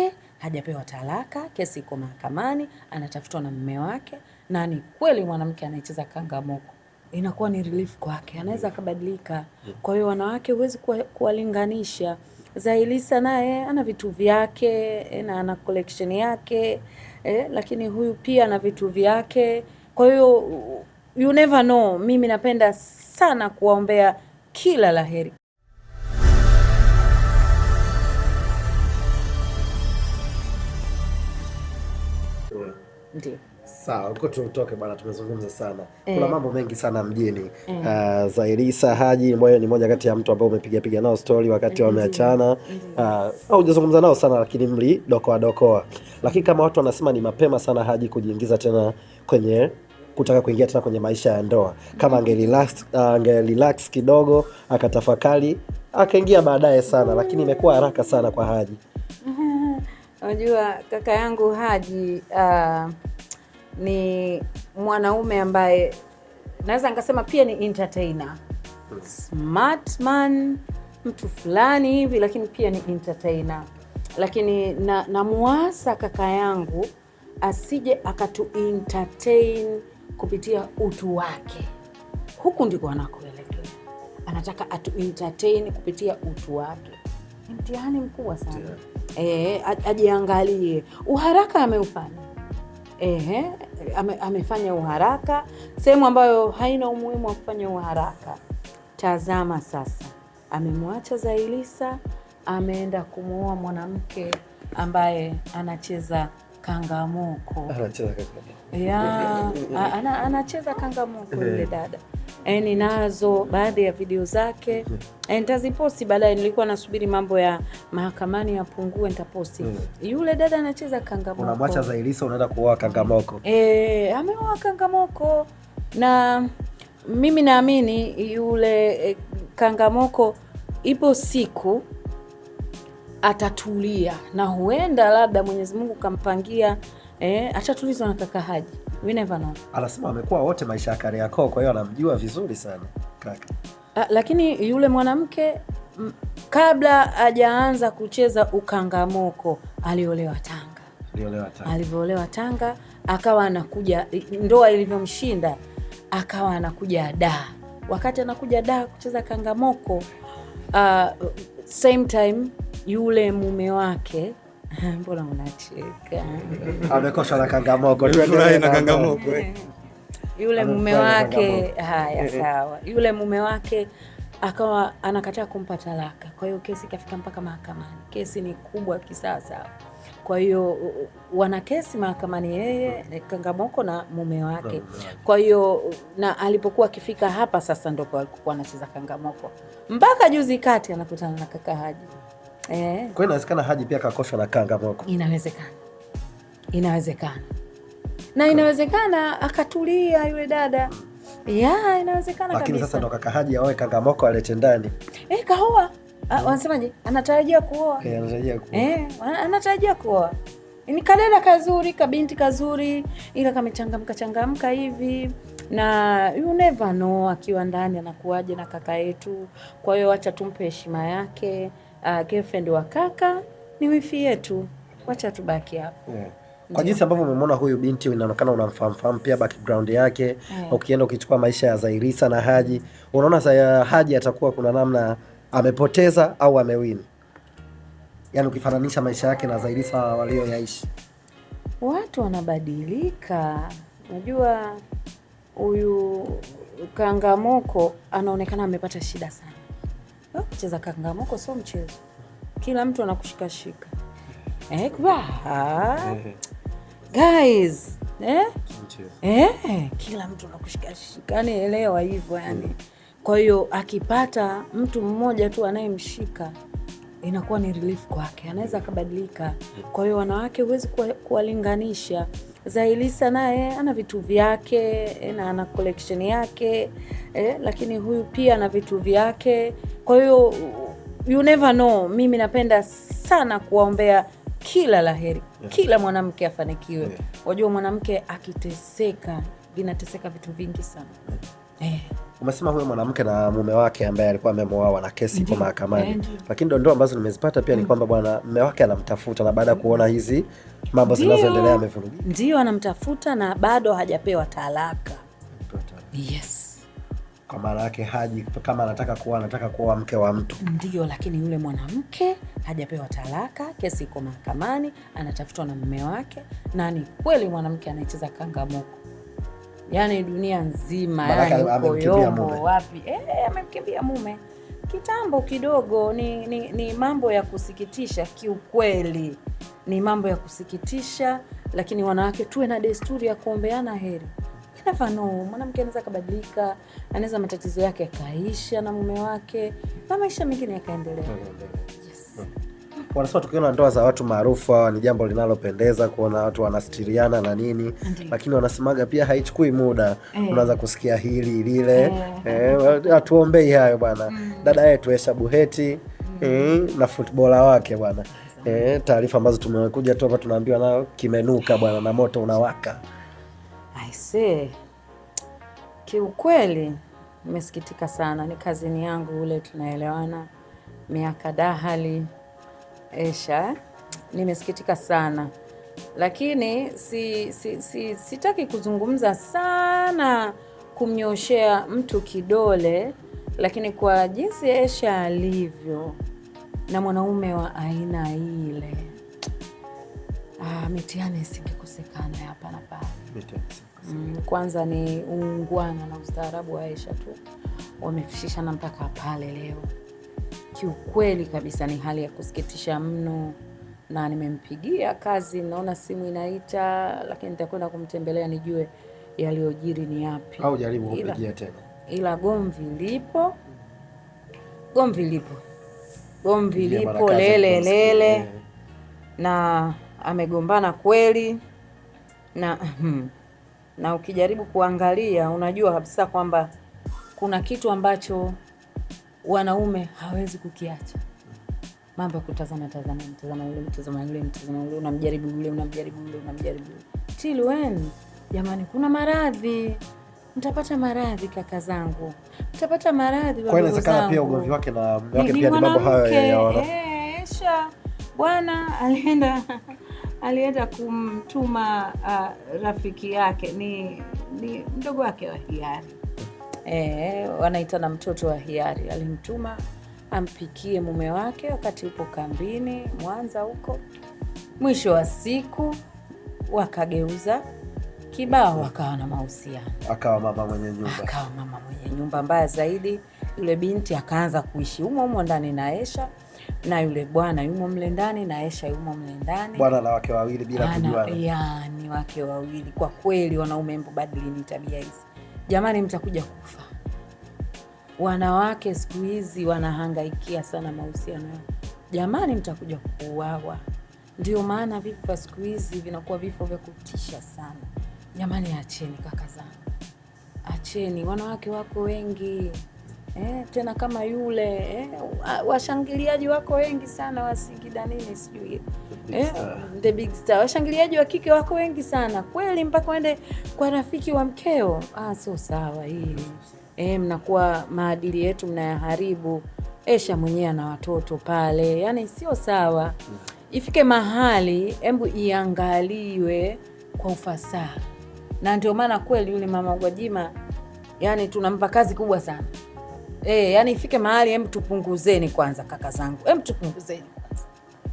wake, hajapewa talaka, kesi iko mahakamani, anatafutwa na mume wake, na ni kweli mwanamke anayecheza kangamoko inakuwa ni relief kwake, anaweza akabadilika. Kwa hiyo wanawake huwezi kuwalinganisha. Zailisa naye ana vitu vyake na ana collection yake eh, lakini huyu pia ana vitu vyake. Kwa hiyo you never know. Mimi napenda sana kuwaombea kila laheri. Ndiyo. Sawa, uko tutoke tumezungumza sana e. Kuna eh. mambo mengi sana mjini e. Uh, Haji ambayo ni moja kati ya mtu ambao umepigapiga nao story wakati wameachana, ah, au hujazungumza nao sana lakini mlidokoadokoa, lakini kama watu wanasema ni mapema sana Haji kujiingiza tena kwenye kutaka kuingia tena kwenye maisha ya ndoa, kama angerelax uh, kidogo akatafakari akaingia baadaye sana, lakini imekuwa haraka sana kwa Haji. Mhm. Unajua kaka yangu Haji uh, ni mwanaume ambaye naweza nikasema pia ni entertainer. Smart man, mtu fulani hivi lakini pia ni entertainer. Lakini na namuasa kaka yangu asije akatu entertain kupitia utu wake. Huku ndiko anakoelekea. Anataka atu entertain kupitia utu wake. ni Mtihani mkubwa sana. Yeah e, ajiangalie. Uharaka ameufanya ehe, ame, amefanya uharaka sehemu ambayo haina umuhimu wa kufanya uharaka. Tazama sasa, amemwacha Zailisa, ameenda kumwoa mwanamke ambaye anacheza Kangamuko ah, anacheza Kangamuko eh. yule dada yani eh, nazo baadhi ya video zake mm-hmm. e, eh, ntaziposti baadaye. Nilikuwa nasubiri mambo ya mahakamani yapungue, ntaposti mm. Yule dada anacheza Kangamuko, Zailisa, unaenda kuoa Kangamoko e, ameoa Kangamoko na mimi naamini yule Kangamoko ipo siku atatulia na huenda labda Mwenyezi Mungu kampangia eh, atatulizwa na kaka Haji. We never know. Anasema amekuwa wote maisha ya Kariakoo, kwa hiyo anamjua vizuri sana kaka. A, ah, lakini yule mwanamke kabla hajaanza kucheza ukangamoko aliolewa Tanga, aliolewa Tanga, alivyoolewa Tanga akawa anakuja, ndoa ilivyomshinda akawa anakuja da Wakati anakuja da kucheza kangamoko, uh, same time yule mume wake mbona unacheka? Amekosha na kangamogo, tuendelee na kangamogo. Yule mume wake, haya sawa, yule mume wake akawa anakataa kumpa talaka, kwa hiyo kesi ikafika mpaka mahakamani. Kesi ni kubwa kisasa, kwa hiyo wana kesi mahakamani, yeye eh, Kangamoko na mume wake. Kwa hiyo na alipokuwa akifika hapa sasa, ndipo alikuwa anacheza Kangamoko mpaka juzi kati anakutana na kaka Haji. Eh. Kwa hiyo inawezekana Haji pia kakoshwa na kanga moko. Inawezekana. Inawezekana. Na inawezekana akatulia yule dada. Ya, inawezekana kabisa. Lakini sasa ndo kaka Haji aoe kanga moko alete ndani. Eh, kaoa. Ah, wanasemaje? Anatarajia kuoa. Eh, anatarajia kuoa. Eh, anatarajia kuoa. Ni kadada kazuri, kabinti kazuri, ila kamechangamka changamka hivi na you never know akiwa ndani anakuwaje na kaka yetu. Kwa hiyo acha tumpe heshima yake uh, girlfriend wa kaka ni wifi yetu, wacha tubaki hapo yeah. Kwa jinsi ambavyo umemwona huyu binti inaonekana unamfahamu pia background yake yeah. Ukienda ukichukua maisha ya Zairisa na Haji unaona za Haji atakuwa kuna namna amepoteza au amewin, yaani ukifananisha maisha yake na Zairisa walioyaishi. Watu wanabadilika, unajua huyu Kangamoko anaonekana amepata shida sana cheza kangamoko sio mchezo, kila mtu anakushikashika. Eh, guys eh? Eh, kila mtu anakushikashika, yani elewa hivyo yani. Mm. Kwa hiyo akipata mtu mmoja tu anayemshika inakuwa ni relief kwake, anaweza akabadilika. Mm. Kwa hiyo wanawake huwezi kuwalinganisha. Zailisa naye eh, ana vitu vyake eh, na ana collection yake eh, lakini huyu pia ana vitu vyake. Kwa hiyo you never know. Mimi napenda sana kuwaombea kila laheri, kila mwanamke afanikiwe. Wajua mwanamke akiteseka vinateseka vitu vingi sana mm. eh. Umesema huyo mwanamke na mume wake ambaye alikuwa amemwoa na kesi ipo mahakamani, lakini dondoo ambazo nimezipata pia ni mm. kwamba bwana mume wake anamtafuta na baada ya kuona hizi mambo zinazoendelea amevurugika. Ndio, anamtafuta na bado hajapewa talaka. Yes, kwa maana yake haji kama anataka kuoa, anataka kuoa mke wa mtu. Ndio, lakini yule mwanamke hajapewa talaka, kesi iko mahakamani, anatafutwa na mume wake, na ni kweli mwanamke anayecheza kangamoko yani dunia nzima yani wapi, eh, amemkimbia mume kitambo kidogo. Ni, ni, ni mambo ya kusikitisha kiukweli, ni mambo ya kusikitisha, lakini wanawake tuwe na desturi ya kuombeana heri. nafano mwanamke anaweza akabadilika, anaweza matatizo yake yakaisha na mume wake na maisha mengine yakaendelea. yes. Hmm wanasema tukiona ndoa za watu maarufu ni jambo linalopendeza kuona watu wanastiriana na nini, lakini wanasemaga pia haichukui muda e. Eh. Unaweza kusikia hili lile eh. Eh, hatuombei e. E, hayo bwana mm. Dada yetu Esha Buheti mm. e, na futbola wake bwana e, taarifa ambazo tumekuja tu hapa tunaambiwa nayo kimenuka bwana na moto unawaka. I see. Kiukweli nimesikitika sana, ni kazini yangu ule tunaelewana miaka dahali Esha, nimesikitika sana lakini si, si, si, sitaki kuzungumza sana kumnyoshea mtu kidole, lakini kwa jinsi Esha alivyo na mwanaume wa aina ile, ah, mitihani isingekosekana hapa na pale. Mm, kwanza ni uungwana na ustaarabu wa Esha tu wamefishishana mpaka pale leo kiukweli kabisa ni hali ya kusikitisha mno, na nimempigia kazi, naona simu inaita, lakini nitakwenda kumtembelea nijue yaliyojiri ni yapi. Au jaribu kumpigia tena, ila gomvi lipo, gomvi lipo, gomvi lipo lele lele, eh. na amegombana kweli na hmm. na ukijaribu kuangalia unajua kabisa kwamba kuna kitu ambacho wanaume hawezi kukiacha mambo ya kutazama tazama, mtazama yule, mtazama yule, mtazama yule, unamjaribu yule, unamjaribu yule, unamjaribu yule. Till when jamani, kuna maradhi, mtapata maradhi kaka zangu, mtapata maradhi wadogo Pia ugomvi wake na mume wake pia ni mambo hayo ya eh, bwana alienda alienda kumtuma uh, rafiki yake ni, ni mdogo wake wa hiari eh, wanaita na mtoto wa hiari, alimtuma ampikie mume wake wakati upo kambini Mwanza huko. Mwisho wa siku wakageuza kibao, wakawa na mahusiano, akawa mama mwenye nyumba, akawa mama mwenye nyumba. Mbaya zaidi, yule binti akaanza kuishi humo humo ndani na Esha na yule bwana yumo mle ndani na Esha yumo mle ndani, bwana na wake wawili bila kujuana, yani wake wawili. Kwa kweli, wanaume mbobadilini tabia hizi. Jamani, mtakuja kufa. Wanawake siku hizi wanahangaikia sana mahusiano yao. Jamani, mtakuja kuuawa. Ndio maana vifo vya siku hizi vinakuwa vifo vya kutisha sana. Jamani, acheni kaka zangu, acheni. Wanawake wako wengi eh, tena kama yule eh, washangiliaji wako wengi sana wasingida nini sijui eh, the big star, washangiliaji wa kike wako wengi sana kweli, mpaka uende kwa rafiki wa mkeo. Ah, sio sawa hii eh, mnakuwa maadili yetu mnayaharibu. Esha mwenyewe ana watoto pale, yani sio sawa. Ifike mahali hebu iangaliwe kwa ufasaha, na ndio maana kweli yule mama Gwajima, yani tunampa kazi kubwa sana. Eh, yani ifike mahali hem tupunguzeni kwanza kaka zangu. Hem tupunguzeni kwanza.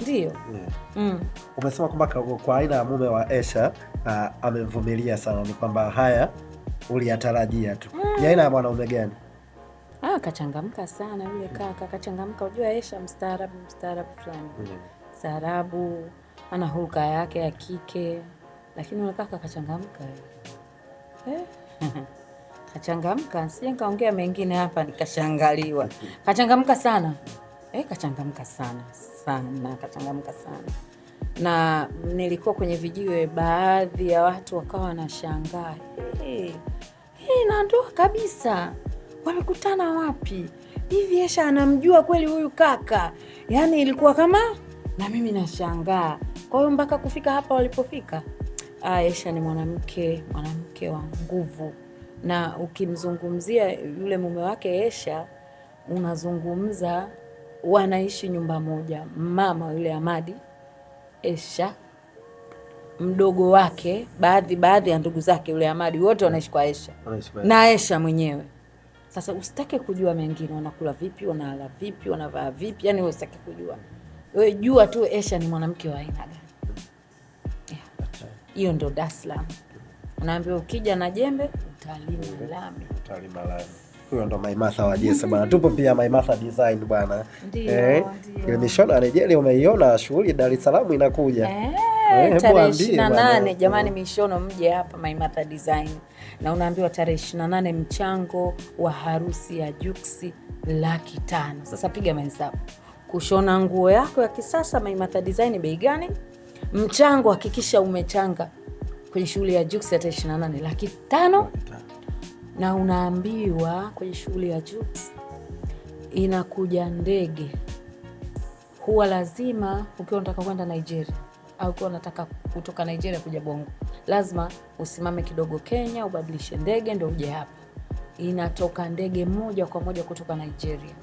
Ndio. Yeah. Mm. Hmm. Umesema kwamba kwa aina ya mume wa Esha uh, amevumilia sana ni kwamba haya uliyatarajia tu. Mm. Ni hmm. aina ya mwanaume gani? Ah, kachangamka sana yule kaka, kachangamka. Unajua Esha mstaarabu, mstaarabu fulani. Mm. Mstaarabu, ana hulka yake ya kike, lakini yule kaka kachangamka. Eh? Kachangamka, sije nikaongea mengine hapa nikashangaliwa. Kachangamka sana eh, kachangamka sana sana, kachangamka sana na nilikuwa kwenye vijiwe, baadhi ya watu wakawa wanashangaa hey, eh, eh, hey, na ndoa kabisa, wamekutana wapi hivi? Esha anamjua kweli huyu kaka? Yaani ilikuwa kama na mimi nashangaa. Kwa hiyo mpaka kufika hapa walipofika, ah, Esha ni mwanamke, mwanamke wa nguvu na ukimzungumzia yule mume wake Esha, unazungumza wanaishi nyumba moja, mama yule Amadi Esha, mdogo wake, baadhi baadhi ya ndugu zake yule Amadi, wote wanaishi kwa Esha na Esha mwenyewe. Sasa usitake kujua mengine, wanakula vipi, wanala vipi, wanavaa vipi, yani usitake kujua wewe, jua tu Esha ni mwanamke wa aina gani. Hiyo yeah. Ndo Dar es Salaam unaambiwa ukija na jembe Talima Lami. Huyo ndo Maimatha wa Jesa bwana, tupo pia Maimatha Design bwana, eh, mishono anejeli umeiona, shughuli Dar es Salaam inakuja eh. Eh, tarehe ishirini na nane jamani, mishono mje hapa Maimatha Design, na unaambiwa tarehe ishirini na mchango wa harusi ya Juksi laki tano. Sasa piga mahesabu, kushona nguo yako ya kisasa Maimatha Design bei gani? Mchango hakikisha umechanga kwenye shughuli ya JUX ya tarehe ishirini na nane laki tano na unaambiwa kwenye shughuli ya JUX inakuja ndege. Huwa lazima ukiwa unataka kwenda Nigeria au ukiwa unataka kutoka Nigeria kuja Bongo, lazima usimame kidogo Kenya, ubadilishe ndege ndo uje hapa. Inatoka ndege moja kwa moja kutoka Nigeria.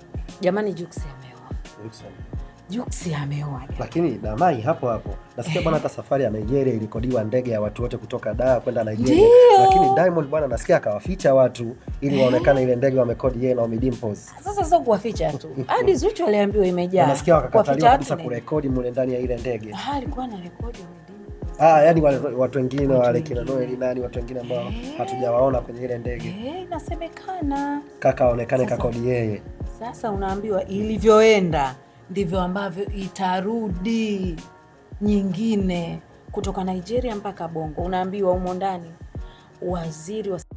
Jamani, JUX ameoa Juksi ameoa. Lakini Damai hapo hapo nasikia bwana, hata safari ya Nigeria ilikodiwa ndege ya watu wote kutoka Dar kwenda Nigeria, lakini Diamond bwana, nasikia akawaficha watu ili eh? waonekane ile ndege wamekodi yeye na Ommy Dimpoz. Sasa sio kuwaficha tu, hadi Zuchu aliambiwa imejaa, nasikia wakakataliwa kabisa kurekodi mule ndani ya ile ndege. Ah, alikuwa rekodi Ah, yani watu wengine wale kina Noel nani watu wengine ambao eh? hatujawaona kwenye ile ndege. Eh, nasemekana kaka aonekane kakodi yeye. Sasa unaambiwa ilivyoenda ndivyo ambavyo itarudi nyingine kutoka Nigeria mpaka Bongo. Unaambiwa humo ndani waziri wa